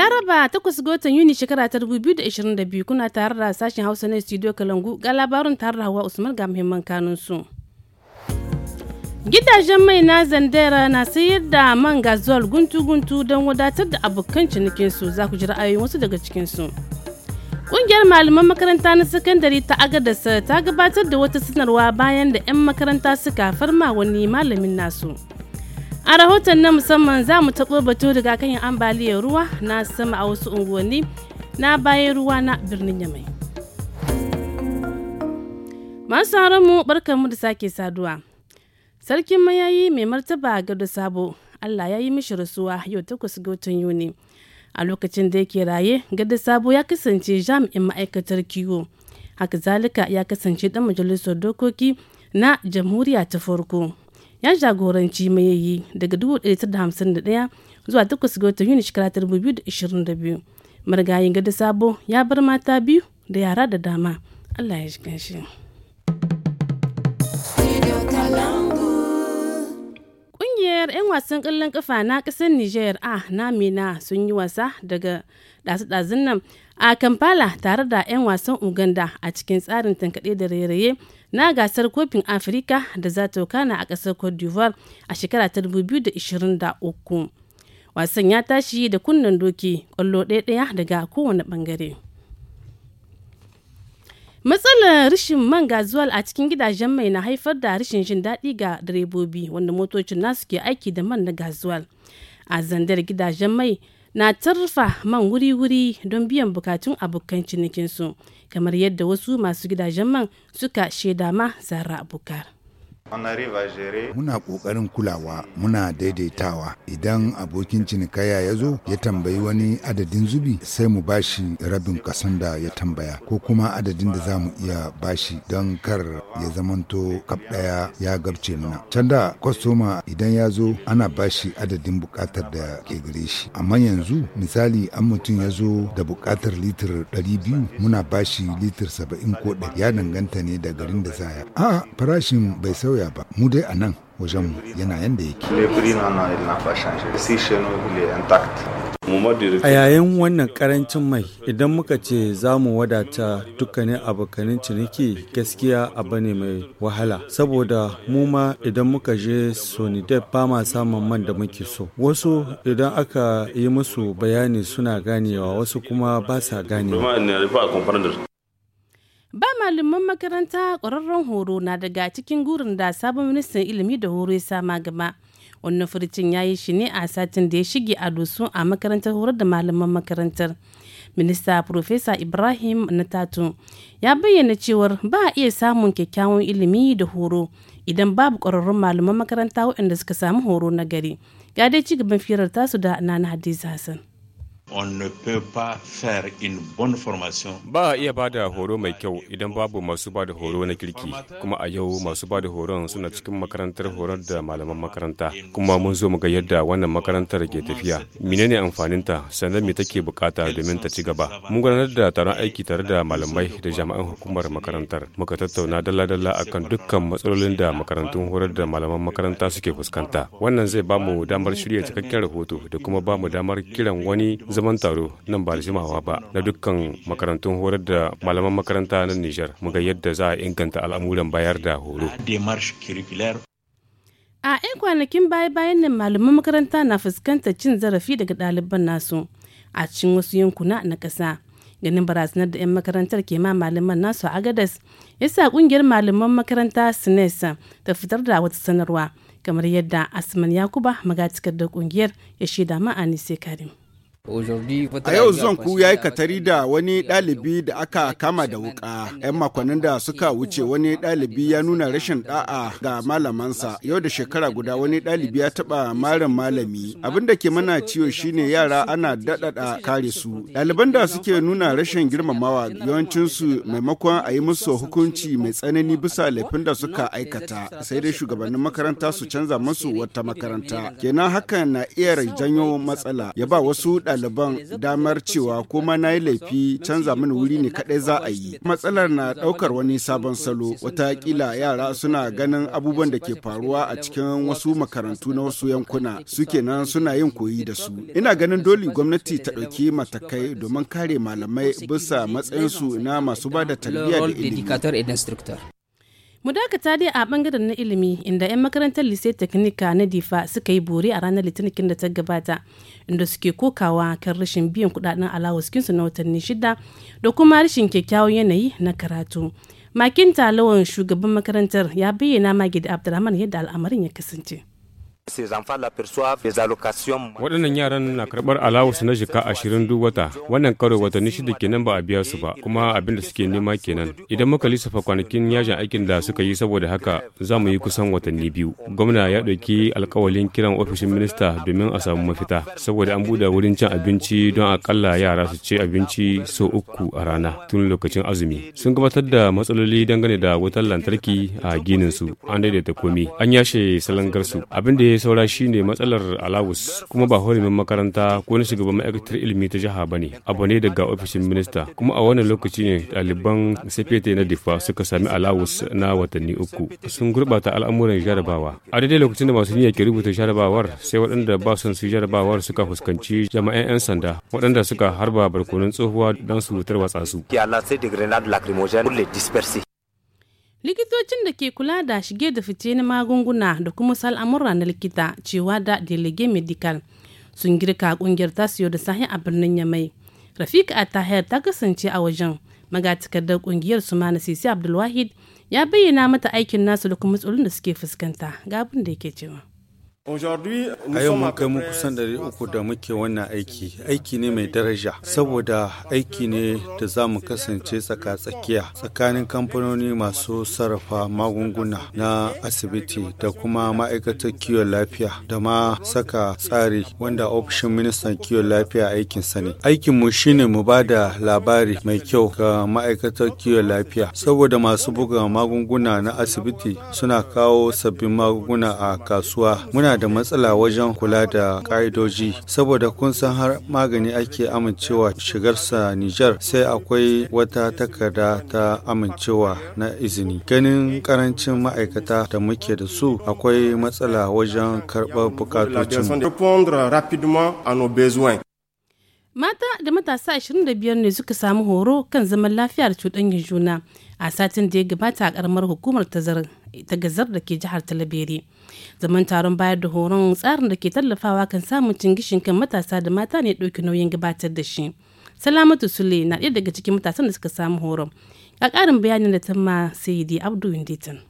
Laraba takwas ga watan Yuni shekara ta 2022 kuna tare da sashen Hausa na Studio Kalangu ga labarin tare Hawa Usman ga muhimman kanun su. Gidajen mai na Zandera na sayar da man gazol guntu-guntu don wadatar da abokan cinikinsu za ku ji ra'ayoyin wasu daga cikinsu. Kungiyar malaman makaranta na sakandare ta Agadasa ta gabatar da wata sanarwa bayan da 'yan makaranta suka farma wani malamin nasu. a rahoton na musamman za mu taɓo batu rigakafin ambaliyar ruwa na sama a wasu unguwanni na bayan ruwa na birnin yamai masu mu mu da sake saduwa sarkin mayayi mai martaba gado sabo allah ya yi mishi rasuwa yau takwas ga watan yuni a lokacin da yake raye gado sabo ya kasance jami'in ma'aikatar kiwo haka zalika ya kasance ɗan majalisar dokoki na jamhuriya ta farko ya jagoranci mayayi daga 1951 zuwa 8 ga watan yuni shekara 2022 marigayin gada sabo ya bar mata biyu da yara da dama allah ya shi Ƙungiyar 'yan wasan ƙwallon ƙafa na ƙasar Nijar a Namina sun yi wasa daga ɗazu-ɗazun nan a Kampala tare da 'yan wasan Uganda a cikin tsarin tankaɗe da rairaye na gasar kofin Afirka da za ta kana a ƙasar Cote d'Ivoire a shekara ta 2023. Wasan ya tashi da kunnen doki ƙwallo ɗaya daga kowane ɓangare. matsalar rashin man gazuwal a cikin gidajen mai na haifar da rashin jin daɗi ga direbobi wanda motocin nasu ke aiki da man na gazuwal a zandar gidajen mai na tarfa man wuri-wuri don biyan bukatun abokan cinikinsu kamar yadda wasu masu gidajen man suka shaida ma zara abukar. Muna ƙoƙarin kulawa, muna daidaitawa. Idan abokin cinikaya ya zo, ya tambayi wani adadin zubi sai mu bashi rabin kason da ya tambaya, ko kuma adadin da za mu iya bashi don kar ya zamanto kap ɗaya ya gabce mana. Can da kwastoma idan ya zo ana bashi adadin buƙatar da ke gare shi. Amma yanzu misali an mutum ya zo da buƙatar litir ɗari biyu muna bashi litir saba'in ko ɗari ya danganta ne da garin da zaya. A farashin bai sauya sauya ba mu dai a nan wajen yana yanda yake a yayin wannan karancin mai idan muka ce za mu wadata dukkanin abokanin ciniki gaskiya abu ne mai wahala saboda mu ma idan muka je sonidep ba ma samun man da muke so wasu idan aka yi musu bayani suna ganewa wasu kuma ba sa ganewa Ba malaman makaranta ƙwararren horo na daga cikin gurin da sabon ministan ilimi da horo ya sama gaba. Wannan furcin ya yi shi ne a satin da ya shige a dosu a makarantar horar da malaman makarantar. Minista Profesa Ibrahim Natatu ya bayyana cewar ba a iya samun kyakkyawan ilimi da horo idan babu ƙwararrun malaman makaranta waɗanda suka samu horo na gari. ga dai ci gaban firar tasu da Nana Hadiza Hassan. on ne peut pas faire une bonne formation. Ba a iya bada horo mai kyau idan babu masu bada horo na kirki kuma a yau masu bada horon suna cikin makarantar horar da malaman makaranta kuma mun zo mu ga yadda wannan makarantar ke tafiya menene ta sannan me take bukata domin ta ci gaba mun gudanar da taron aiki tare da malamai da jami'an hukumar makarantar muka tattauna dalla-dalla akan dukkan matsalolin da makarantun horar da malaman makaranta suke fuskanta wannan zai bamu damar shirya cikakken rahoto da kuma bamu damar kiran wani zaman taro nan ba da jimawa ba na dukkan makarantun horar da malaman makaranta na Nijar mu ga yadda za a inganta al'amuran bayar da horo. A 'yan kwanakin baya-bayan nan malaman makaranta na fuskantar cin zarafi daga ɗaliban nasu a cikin wasu yankuna na ƙasa. Ganin barazanar da 'yan makarantar ke ma malaman nasu a Agadas, yasa ƙungiyar malaman makaranta Sinesa ta fitar da wata sanarwa kamar yadda Asman Yakuba magatakar da ƙungiyar ya shaida ma sai Karim. A yau Zonku ya yi katari da wani ɗalibi da aka kama da wuƙa. 'Yan makonnin da suka wuce wani ɗalibi ya nuna rashin ɗa'a ga malamansa. Yau da shekara guda wani ɗalibi ya taɓa marin malami. Abin da ke mana ciwo shine yara ana daɗaɗa kare su. Ɗaliban da suke nuna rashin girmamawa yawancinsu maimakon a yi musu hukunci mai tsanani bisa laifin da suka aikata. Sai dai shugabannin makaranta su canza musu wata makaranta. Kenan hakan na iya janyo matsala ya ba wasu ɗaliban damar cewa kuma na yi laifi canza mini wuri ne kaɗai za a yi. Matsalar na ɗaukar wani sabon salo wata watakila yara suna ganin abubuwan da ke faruwa a cikin wasu makarantu na wasu yankuna suke nan suna yin koyi da su. Ina ganin dole gwamnati ta ɗauki matakai domin kare malamai bisa matsayinsu na masu ba da tarbiyya da ilimi. Mu dakata dai a bangaren na ilimi inda 'yan makarantar Lise Teknika na Difa suka yi bore a ranar Litinin da ta gabata inda suke kokawa kan rashin biyan kudaden su na watanni shida da kuma rashin kyakkyawan yanayi na karatu. Makin talawan shugaban makarantar ya bayyana Magid Abdulrahman yadda al'amarin ya kasance. Waɗannan yaran na karɓar alawus na jika ashirin duk wata, wannan karo watanni shida kenan ba a biya su ba, kuma abin da suke nema kenan. Idan muka lissafa kwanakin yajin aikin da suka yi saboda haka za mu yi kusan watanni biyu. Gwamna ya ɗauki alkawalin kiran ofishin minista domin a samu mafita, saboda an buɗe wurin cin abinci don akalla yara su ci abinci so uku a rana tun lokacin azumi. Sun gabatar da matsaloli dangane da wutar lantarki a ginin su, an daidaita komi, an yashe salangar su, abin da ya saura ne matsalar alawus kuma ba horimin makaranta ko na shugaban ma'aikatar ilimi ta jiha ne abu ne daga ofishin minista kuma a wannan lokaci ne ɗaliban sefete na difa suka sami alawus na watanni uku sun gurɓata al'amuran jarabawa a daidai lokacin da masu niyyar ke rubuta jarabawar sai waɗanda ba son su jarabawar suka fuskanci jama'an 'yan sanda waɗanda suka harba barkonon tsohuwa don su watsa su. likitocin da ke kula da shige da fice na magunguna da kuma sal'amurra na likita cewa da delege medical sun girka kungiyar siyo da sahi a birnin yamai rafika atahir ta kasance a wajen magatakardar kungiyar su mana sisi abdulwahid ya bayyana mata aikin nasu da kuma tsoron da suke fuskanta gabin da yake cewa A yau mun kai mu kusan ɗari uku da muke wannan aiki, aiki ne mai daraja, saboda aiki ne da za mu kasance tsaka-tsakiya tsakanin kamfanoni masu sarrafa magunguna na asibiti da kuma ma'aikatar kiwon lafiya da ma saka tsari wanda ofishin ministan kiwon lafiya aikinsa ne. Aikinmu shine mu ba da labari mai kyau ga ma'aikatar kiwon lafiya, saboda masu buga magunguna na asibiti suna kawo sabbin magunguna a kasuwa. Muna yana da matsala wajen kula da ƙa'idoji saboda kun san har magani ake amincewa shigarsa Nijar sai akwai wata takarda ta amincewa na izini. Ganin karancin ma'aikata da muke da su akwai matsala wajen karɓar bukatocin. Mata da matasa 25 ne suka samu horo kan zaman lafiya da cuɗanyar juna a satin da ya gabata a ƙaramar hukumar ta gazar da ke jihar Talabere. zaman taron bayar da horon tsarin da ke tallafawa kan samun gishin kan matasa da mata ne ɗauki nauyin gabatar da shi salamatu sule na ɗaya daga cikin matasan da suka samu horon a ƙarin bayanin da ta ma sayidi abdu winditan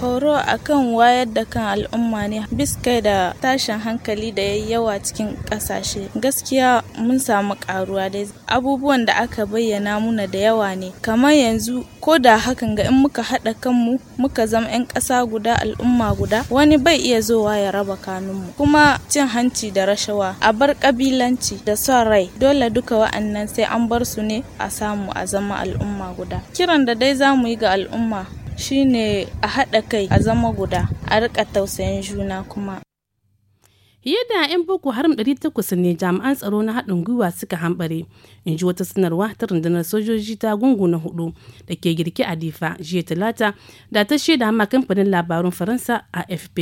horo akan wayar da kan al'umma ne biska da tashin hankali da ya yawa cikin kasashe gaskiya mun samu karuwa dai abubuwan da aka bayyana muna da yawa ne kamar yanzu ko da hakan ga in muka haɗa kanmu muka zama 'yan ƙasa guda al'umma guda wani bai iya zowa ya raba kanunmu kuma cin hanci da rashawa a bar kabilanci, da son rai dole duka wa'annan sai an bar su ne a samu a zama al'umma guda kiran da dai za mu yi ga al'umma shine a haɗa kai a zama guda a rika tausayin juna kuma fiye da 'yan boko haram 800 ne jami'an tsaro na haɗin gwiwa suka hambare in ji wata sanarwa ta rundunar sojoji ta gungu na hudu da ke girke a difa jiya talata da ta shaida ma kamfanin labarun faransa a fp.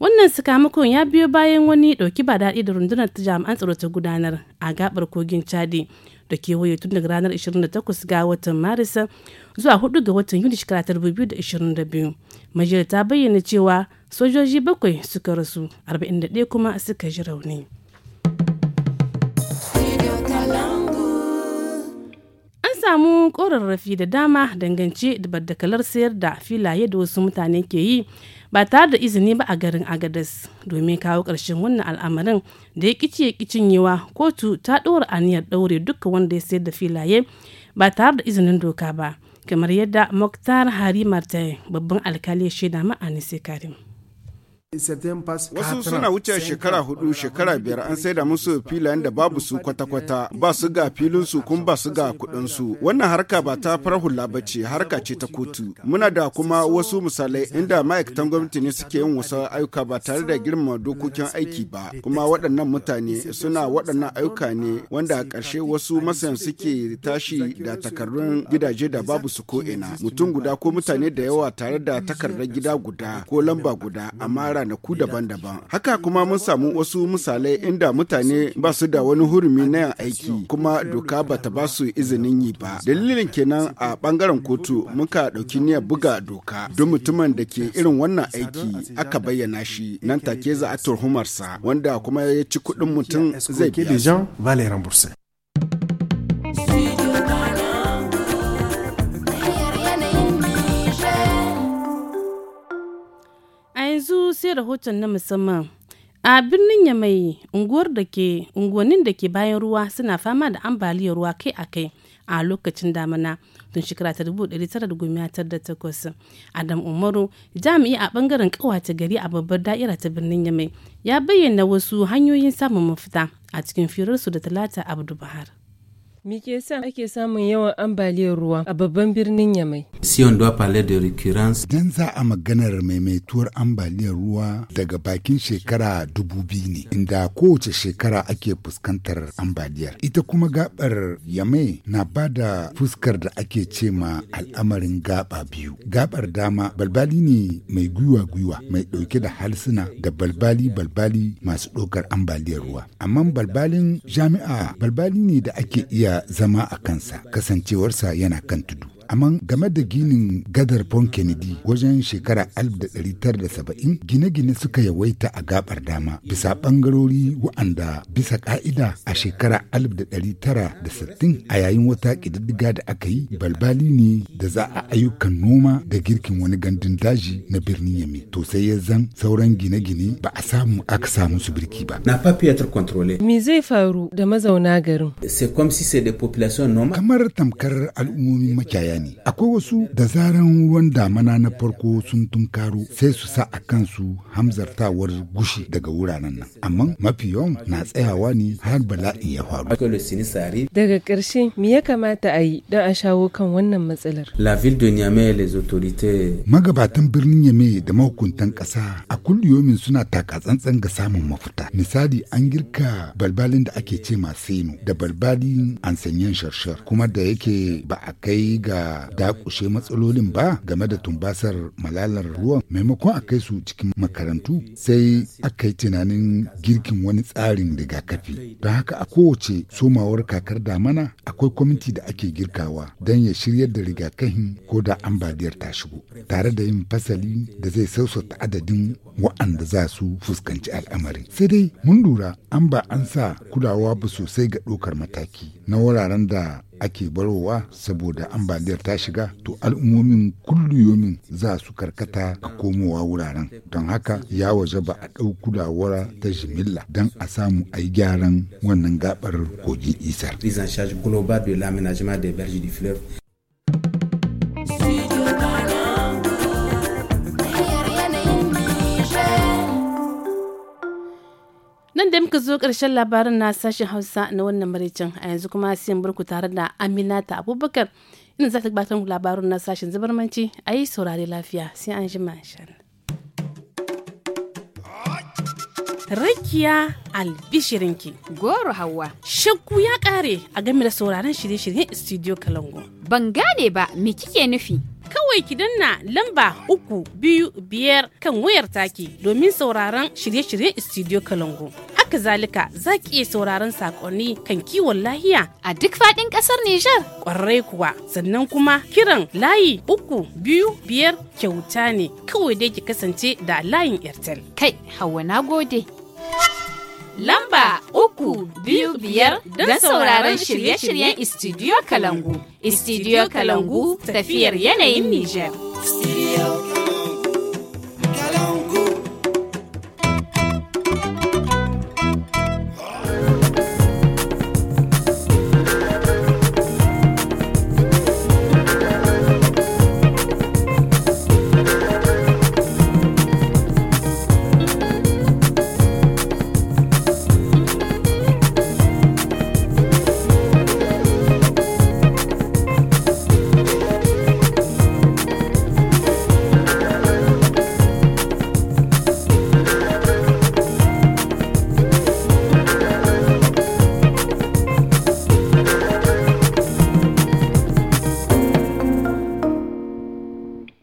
wannan sakamakon ya biyo bayan wani dauki ba daɗi da rundunar ta jami'an tsaro ta gudanar a gabar kogin chadi da waye tun daga ranar 28 ga watan maris zuwa 4 ga watan yuni shekara 2022 majiyar ta bayyana cewa sojoji bakwai suka rasu 41 kuma suka ji rauni samu korarrafi da dama dangance da baddakalar sayar da filaye da wasu mutane ke yi ba tare da izini ba a garin agadas domin kawo ƙarshen wannan al'amarin da ya kici ya yiwa kotu ta ɗora aniyar ɗaure duka wanda ya sayar da filaye ba tare da izinin doka ba kamar yadda muktar hari martin babban alkali ya shaida ma anise karim Wasu suna wuce shekara hudu shekara biyar an da musu filayen da babu su kwata-kwata ba su ga filinsu kuma ba su ga kudinsu. Wannan harka ba ta farar hula ba ce harka ce ta kotu. Muna da kuma wasu misalai inda ma'aikatan gwamnati ne suke yin wasu ayyuka ba tare da girmama dokokin aiki ba. Kuma waɗannan mutane suna waɗannan ayyuka ne wanda a ƙarshe wasu masayan suke tashi da takardun gidaje da babu su ko ina Mutum guda ko mutane da yawa tare da takardar gida guda ko lamba guda amma ranaku daban-daban haka kuma mun samu wasu misalai inda mutane ba su da wani hurumi na yin aiki kuma doka ba ta ba su izinin yi ba dalilin kenan a bangaren kotu muka ɗauki niyyar buga doka don mutumin da ke irin wannan aiki aka bayyana shi nan take za a turhumarsa wanda kuma ya ci kuɗin mutum zai biya sai rahoton na musamman. A birnin Yamai, unguwar da ke unguwannin da ke bayan ruwa suna fama da ambaliyar ruwa kai a kai a lokacin damana tun shekara ta dubu da da tara takwas Adam Umaru, jami'i a bangaren kawace gari a babbar da'ira ta birnin Yamai, ya bayyana wasu hanyoyin samun mafita a cikin firarsu da Talata Abdu Bahar. Me ke sa ake samun yawan ambaliyar ruwa a babban birnin Yamai? Si on doit parler de recurrence. Dan za a maganar maimaituwar ambaliyar ruwa daga bakin shekara dubu biyu ne, inda kowace shekara ake fuskantar ambaliyar. Ita kuma gabar Yamai na ba da fuskar da ake ce ma al'amarin gaba biyu. Gabar dama balbali ne mai gwiwa-gwiwa mai ɗauke da halsuna da balbali-balbali masu ɗaukar ambaliyar ruwa. Amma balbalin jami'a balbali ne da ake iya zama a kansa kasancewarsa yana kan tudu amma game da ginin gadar Pont Kennedy wajen shekara 1970 gine-gine suka yawaita a gabar dama bisa bangarori wa'anda bisa ka'ida a shekara 1960 a yayin wata kididdiga da aka yi balbali ne da za a ayyukan noma da girkin wani gandun daji na birnin Yami to sai ya zan sauran gine-gine ba a samu aka samu su birki ba. Na kontrole. Me zai faru da mazauna garin? Kamar tamkar al'ummomin makiyaya bayani. Akwai wasu da zaran ruwan damana na farko sun tunkaro sai su sa a kansu hamzartawar gushi daga wuraren nan. Amma mafi yawan na tsayawa ne har bala'i ya faru. Daga ƙarshe me ya kamata a yi don a shawo kan wannan matsalar? Magabatan birnin Yame da mahukuntan ƙasa a kulliyomin suna taka tsantsan ga samun mafuta. Misali an girka balbalin da ake ce masu da balbalin an sanyen sharshar kuma da yake ba a kai ga iya dakushe matsalolin ba game da tumbasar malalar ruwan maimakon a kai su cikin makarantu sai aka yi tunanin girkin wani tsarin rigakafi don haka a kowace somawar kakar damana akwai kwamiti da ake girkawa don ya shiryar da rigakafin ko da ambaliyar ta shigo tare da yin fasali da zai sausata adadin waɗanda za su fuskanci al'amari sai dai mun lura an ba an sa kulawa ba sosai ga ɗaukar mataki na wuraren da ake barowa saboda ambaliyar ta shiga to al'ummomin kulliyomin za su karkata a komowa wuraren don haka ya waje ba a ɗau kulawar ta jimilla don a samu a yi gyaran wannan gabar kogin isar muka zo ƙarshen labarin na sashen Hausa na wannan maraicin a yanzu kuma siyan burku tare da Aminata Abubakar ina za ta gabatar labarun na sashen zubarmanci a yi saurari lafiya sai an ji mashan. Rakiya albishirinki goro hawa shakku ya kare a game da sauraron shirye-shiryen studio kalango. Ban gane ba me kike nufi? kawai ki danna lamba uku biyu biyar kan wayar take domin sauraron shirye-shiryen studio kalangu Haka zalika za iya sauraron sakonni kan kiwon lahiya a duk fadin kasar Nijar. kwarai kuwa sannan kuma kiran layi uku biyu biyar kyauta ne kawai dai ki kasance da layin Airtel. Kai hawa na gode. Lamba uku biyu biyar don sauraron shirye-shiryen Istidiyo Kalangu. Istidiyo Kalangu tafiyar yanayin Nijar.